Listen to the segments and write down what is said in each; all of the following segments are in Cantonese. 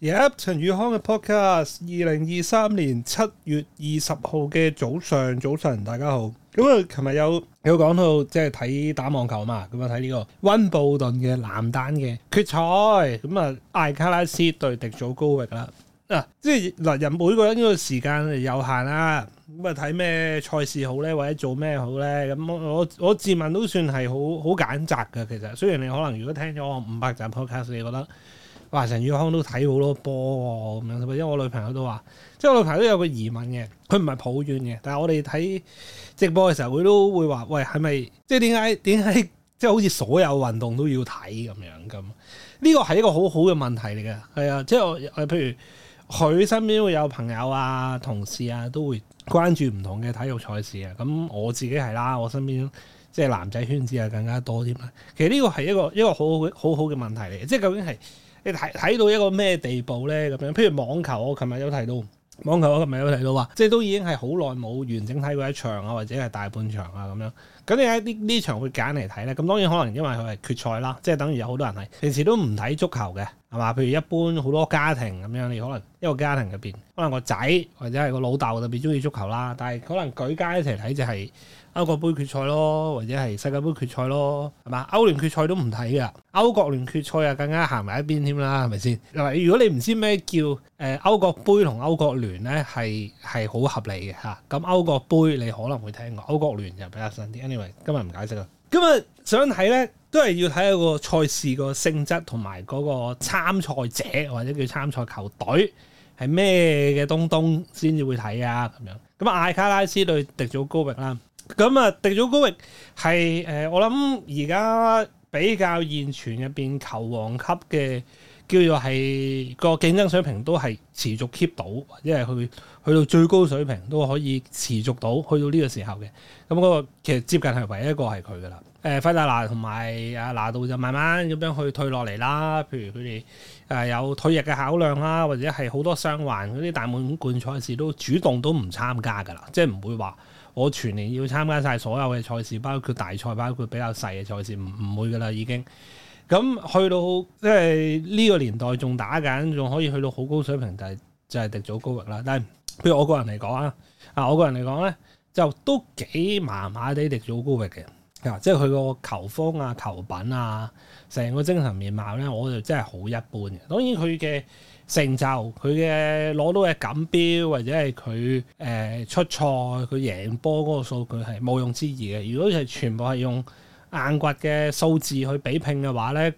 耶！陳宇、yep，康嘅 podcast，二零二三年七月二十號嘅早上早晨，大家好。咁啊，琴日有有講到即係睇打網球嘛。咁啊，睇呢個溫布頓嘅男單嘅決賽。咁啊，艾卡拉斯對迪祖高域啦。嗱、啊，即係嗱，人每個人呢個時間有限啦。咁啊，睇咩賽事好咧，或者做咩好咧？咁我我自問都算係好好揀擇嘅。其實，雖然你可能如果聽咗我五百集 podcast，你覺得，哇陳宇康都睇好多波喎，咁樣，因為我女朋友都話，即係我女朋友都有個疑問嘅，佢唔係抱怨嘅，但係我哋睇直播嘅時候，佢都會話，喂，係咪即係點解點解即係好似所有運動都要睇咁樣？咁呢個係一個好好嘅問題嚟嘅，係啊，即係我譬如佢身邊會有朋友啊、同事啊，都會關注唔同嘅體育賽事啊。咁我自己係啦，我身邊即係男仔圈子啊，更加多啲啦。其實呢個係一個一個好好好好嘅問題嚟嘅，即係究竟係。你睇睇到一個咩地步咧咁樣？譬如網球，我琴日有提到網球，我琴日有提到話，即係都已經係好耐冇完整睇過一場啊，或者係大半場啊咁樣。咁你喺呢呢場會揀嚟睇咧？咁當然可能因為佢係決賽啦，即係等於有好多人係平時都唔睇足球嘅。係嘛？譬如一般好多家庭咁樣，你可能一個家庭入邊，可能個仔或者係個老豆特別中意足球啦，但係可能舉家一齊睇就係歐國杯決賽咯，或者係世界盃決賽咯，係嘛？歐聯決賽都唔睇㗎，歐國聯決賽啊更加行埋一邊添啦，係咪先？又如果你唔知咩叫誒歐國杯同歐國聯咧，係係好合理嘅吓。咁歐國杯你可能會聽過，歐國聯就比較新啲。anyway，今日唔解釋啦。咁啊，想睇咧都係要睇個賽事個性質同埋嗰個參賽者或者叫參賽球隊係咩嘅東東先至會睇啊咁樣。咁啊，艾卡拉斯對迪祖高域啦。咁啊，迪祖高域係誒、呃，我諗而家比較現存入邊球王級嘅。叫做係個競爭水平都係持續 keep 到，即係去去到最高水平都可以持續到，去到呢個時候嘅。咁嗰個其實接近係唯一一個係佢噶啦。誒、呃，費達拿同埋阿拿度就慢慢咁樣去退落嚟啦。譬如佢哋誒有退役嘅考量啦，或者係好多傷患嗰啲大滿貫賽事都主動都唔參加噶啦，即係唔會話我全年要參加晒所有嘅賽事，包括大賽，包括比較細嘅賽事，唔唔會噶啦，已經。咁去到即係呢個年代仲打緊，仲可以去到好高水平，就係，就係就係迪祖高域啦。但係譬如我個人嚟講啊，啊我個人嚟講咧，就都幾麻麻地迪祖高域嘅，啊、嗯、即係佢個球風啊、球品啊、成個精神面貌咧，我就真係好一般嘅。當然佢嘅成就，佢嘅攞到嘅錦標或者係佢誒出賽佢贏波嗰個數據係毋庸置疑嘅。如果係全部係用。硬骨嘅數字去比拼嘅話咧，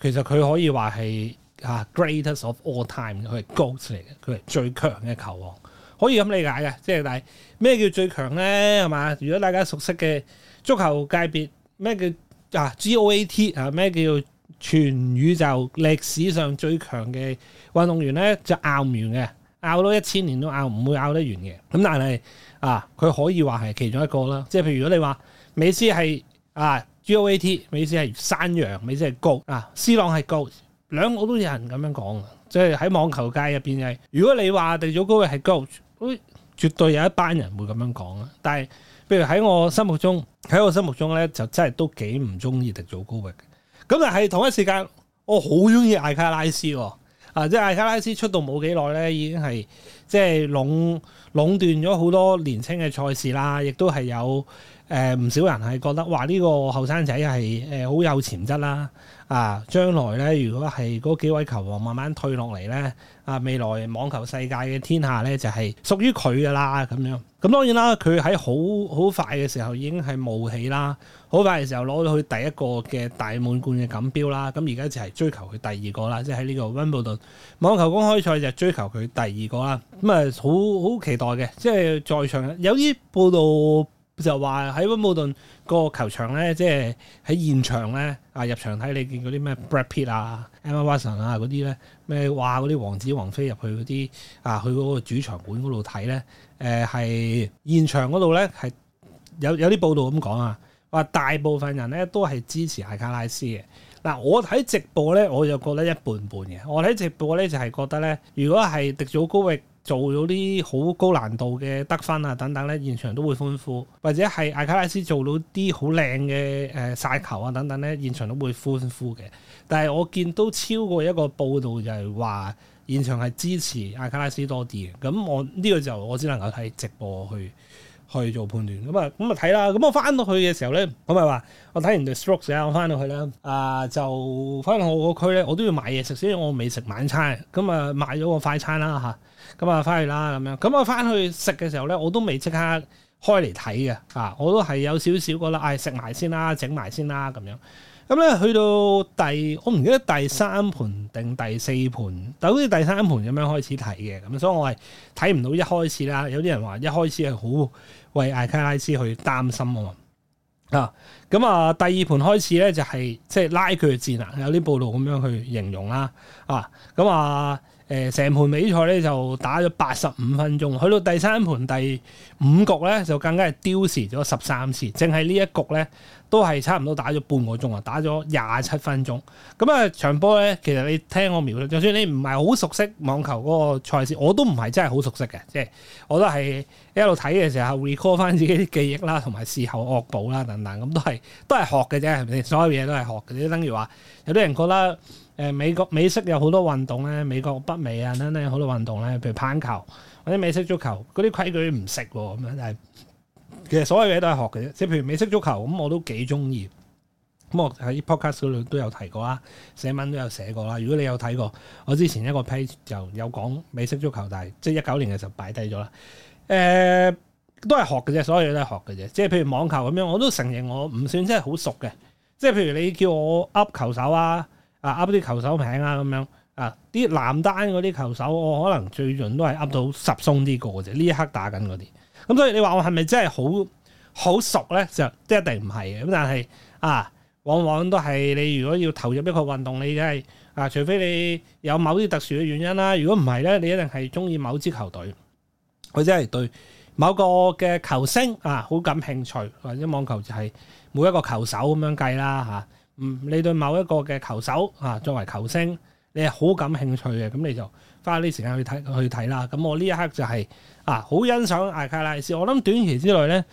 其實佢可以話係啊 greatest of all time，佢係 GOAT 嚟嘅，佢係最強嘅球王，可以咁理解嘅。即係但係咩叫最強咧？係嘛？如果大家熟悉嘅足球界別，咩叫啊 G O A T 啊？咩叫全宇宙歷史上最強嘅運動員咧？就拗唔完嘅，拗到一千年都拗唔會拗得完嘅。咁但係啊，佢可以話係其中一個啦。即係譬如如果你話美斯係啊。GOAT，美斯係山羊，美斯係高啊。C 朗係高，兩個都有人咁樣講嘅，即係喺網球界入邊。如果你話迪祖高域係高，絕對有一班人會咁樣講啊。但係，譬如喺我心目中，喺我心目中咧，就真係都幾唔中意迪祖高域。咁但係同一時間，我好中意艾卡拉斯，哦。啊！即係艾卡拉斯出道冇幾耐咧，已經係即係壟壟斷咗好多年青嘅賽事啦，亦都係有誒唔、呃、少人係覺得話呢、呢個後生仔係誒好有潛質啦。啊，將來咧，如果係嗰幾位球王慢慢退落嚟咧，啊，未來網球世界嘅天下咧就係屬於佢噶啦咁樣。咁當然啦，佢喺好好快嘅時候已經係冒起啦，好快嘅時候攞到佢第一個嘅大滿貫嘅錦標啦。咁而家就係追求佢第二個啦，即係喺呢個溫布頓網球公開賽就追求佢第二個啦。咁啊，好好期待嘅，即係在場有啲報道。就話喺溫布頓個球場咧，即係喺現場咧啊，入場睇你見嗰啲咩 Brad Pitt 啊、Emma Watson 啊嗰啲咧，咩哇嗰啲王子王妃入去嗰啲啊，去嗰個主場館嗰度睇咧，誒、呃、係現場嗰度咧係有有啲報道咁講啊，話大部分人咧都係支持艾卡拉斯嘅。嗱、啊，我睇直播咧，我就覺得一半半嘅。我睇直播咧就係、是、覺得咧，如果係迪祖高域。做到啲好高難度嘅得分啊等等咧，現場都會歡呼；或者係艾卡拉斯做到啲好靚嘅誒晒球啊等等咧，現場都會歡呼嘅。但係我見都超過一個報道就係話現場係支持艾卡拉斯多啲嘅。咁我呢個就我只能夠睇直播去去做判斷咁啊，咁啊睇啦。咁我翻到去嘅時候咧，咁咪話我睇完對 stocks 啊，我翻到去咧啊、呃，就翻到我個區咧，我都要買嘢食先。我未食晚餐，咁啊買咗個快餐啦嚇，咁啊翻去啦咁樣。咁、啊、我翻去食嘅時候咧，我都未即刻開嚟睇嘅啊，我都係有少少覺得，唉食埋先啦，整埋先啦咁樣。咁、啊、咧去到第我唔記得第三盤定第四盤，就好似第三盤咁樣開始睇嘅，咁所以我係睇唔到一開始啦。有啲人話一開始係好為艾卡拉斯去擔心我啊！咁啊，第二盤開始咧就係、是、即係拉鋸戰啊，有啲報道咁樣去形容啦，啊，咁啊，誒成盤比賽咧就打咗八十五分鐘，去到第三盤第五局咧就更加係丟時咗十三次，淨係呢一局咧都係差唔多打咗半個鐘啊，打咗廿七分鐘。咁啊場波咧，其實你聽我描述，就算你唔係好熟悉網球嗰個賽事，我都唔係真係好熟悉嘅，即、就、係、是、我都係一路睇嘅時候 recall 翻自己啲記憶啦，同埋事後惡補啦，等等咁都係。都係學嘅啫，係咪所有嘢都係學嘅啫。等於話，有啲人覺得誒、呃，美國美式有好多運動咧，美國北美啊，等等有好多運動咧，譬如棒球或者美式足球，嗰啲規矩唔識咁樣，但係其實所有嘢都係學嘅啫。即係譬如美式足球，咁我都幾中意。咁我喺 podcast 嗰度都有提過啦，寫文都有寫過啦。如果你有睇過，我之前一個 page 就有講美式足球，但係即係一九年嘅時候擺低咗啦。誒、呃。都係學嘅啫，所有嘢都係學嘅啫。即係譬如網球咁樣，我都承認我唔算真係好熟嘅。即係譬如你叫我噏球手啊，啊噏啲球手名啊咁樣啊，啲男，啊，單嗰啲球手，我可能最盡都係噏到十鬆啲過嘅啫。呢一刻打緊嗰啲，咁所以你話我係咪真係好好熟咧？就即一定唔係嘅。咁但係啊，往往都係你如果要投入一個運動，你係、真係、啊，除非你有某啲特殊嘅原因啦。如果唔係咧，你一定係中意某支球隊，或真係對。某個嘅球星啊，好感興趣，或者網球就係每一個球手咁樣計啦嚇。嗯、啊，你對某一個嘅球手啊，作為球星，你係好感興趣嘅，咁你就花啲時間去睇去睇啦。咁我呢一刻就係、是、啊，好欣賞艾卡拉斯。我諗短期之內咧，呢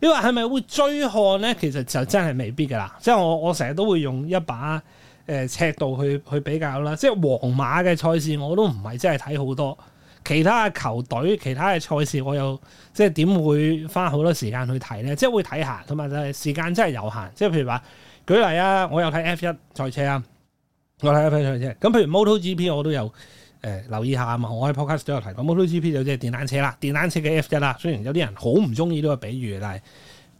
個係咪會追看咧？其實就真係未必噶啦。即係我我成日都會用一把誒、呃呃、尺度去去比較啦。即係皇馬嘅賽事，我都唔係真係睇好多。其他嘅球隊、其他嘅賽事，我又即係點會花好多時間去睇咧？即係會睇下，同埋就係時間真係有限。即係譬如話，舉例啊，我有睇 F1 賽車啊，我睇 F1 賽車。咁譬如 MotoGP，我都有誒、呃、留意下啊嘛。我喺 Podcast 都有提過 MotoGP，就即係電單車啦。電單車嘅 F1 啦，雖然有啲人好唔中意呢個比喻，但係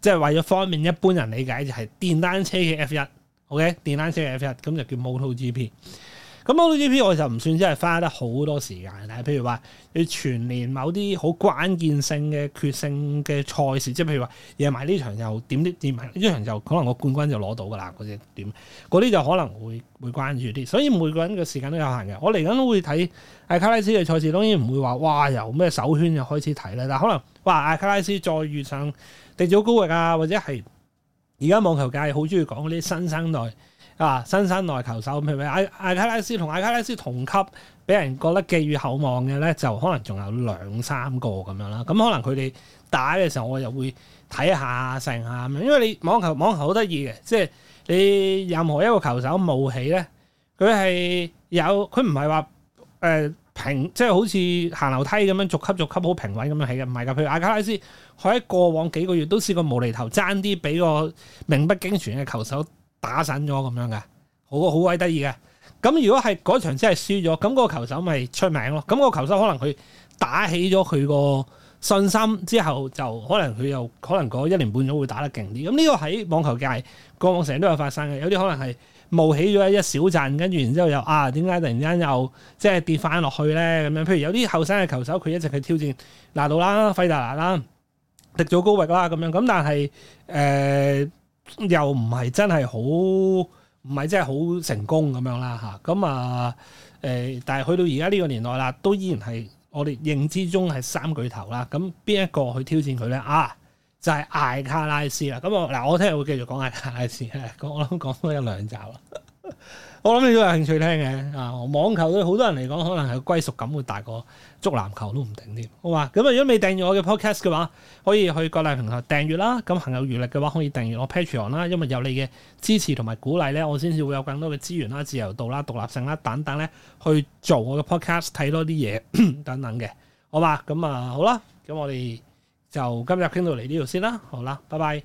即係為咗方便一般人理解，就係電單車嘅 F1。OK，電單車嘅 F1，咁就叫 MotoGP。咁 ATP 我就唔算真係花得好多時間啦。但譬如話，你全年某啲好關鍵性嘅決勝嘅賽事，即係譬如話贏埋呢場又點啲點埋呢場就，點點場就可能個冠軍就攞到噶啦。或、那、者、個、點嗰啲就可能會會關注啲。所以每個人嘅時間都有限嘅。我嚟緊都會睇艾卡拉斯嘅賽事，當然唔會話哇由咩首圈就開始睇啦。但可能哇艾卡拉斯再遇上地表高域啊，或者係而家網球界好中意講嗰啲新生代。啊！新生內球手，譬如阿阿卡拉斯同阿卡拉斯同級，俾人覺得寄予厚望嘅咧，就可能仲有兩三個咁樣啦。咁、嗯、可能佢哋打嘅時候，我又會睇下成下咁樣。因為你網球網球好得意嘅，即係你任何一個球手冒起咧，佢係有佢唔係話誒平，即係好似行樓梯咁樣逐級逐級好平穩咁樣起嘅，唔係㗎。譬如阿卡拉斯，佢喺過往幾個月都試過無厘頭爭啲俾個名不經傳嘅球手。打散咗咁樣嘅，好好鬼得意嘅。咁如果係嗰場真係輸咗，咁、那、嗰個球手咪出名咯。咁、那個球手可能佢打起咗佢個信心之後，就可能佢又可能嗰一年半咗會打得勁啲。咁呢個喺網球界過往成日都有發生嘅。有啲可能係冒起咗一小陣，跟住然之後又啊點解突然間又即係跌翻落去咧咁樣？譬如有啲後生嘅球手，佢一直去挑戰拿度啦，費達拿啦、迪祖高域啦咁樣。咁但係誒。呃又唔係真係好，唔係真係好成功咁樣啦嚇。咁啊誒，但係去到而家呢個年代啦，都依然係我哋認知中係三巨頭啦。咁、啊、邊一個去挑戰佢咧？啊，就係、是、艾卡拉斯啦。咁我嗱，我聽日會繼續講艾卡拉斯嘅、啊，我諗講多一兩集啦。呵呵。我諗你都有興趣聽嘅啊！網球對好多人嚟講，可能係歸屬感會大過足籃球都唔定添。好嘛，咁啊，如果未訂閱我嘅 podcast 嘅話，可以去各大平台訂閱啦。咁、嗯、行有餘力嘅話，可以訂閱我 patreon 啦。因為有你嘅支持同埋鼓勵咧，我先至會有更多嘅資源啦、自由度啦、獨立性啦等等咧，去做我嘅 podcast，睇多啲嘢 等等嘅。好嘛，咁、嗯、啊，好啦，咁、嗯、我哋就今日傾到嚟呢度先啦。好啦，拜拜。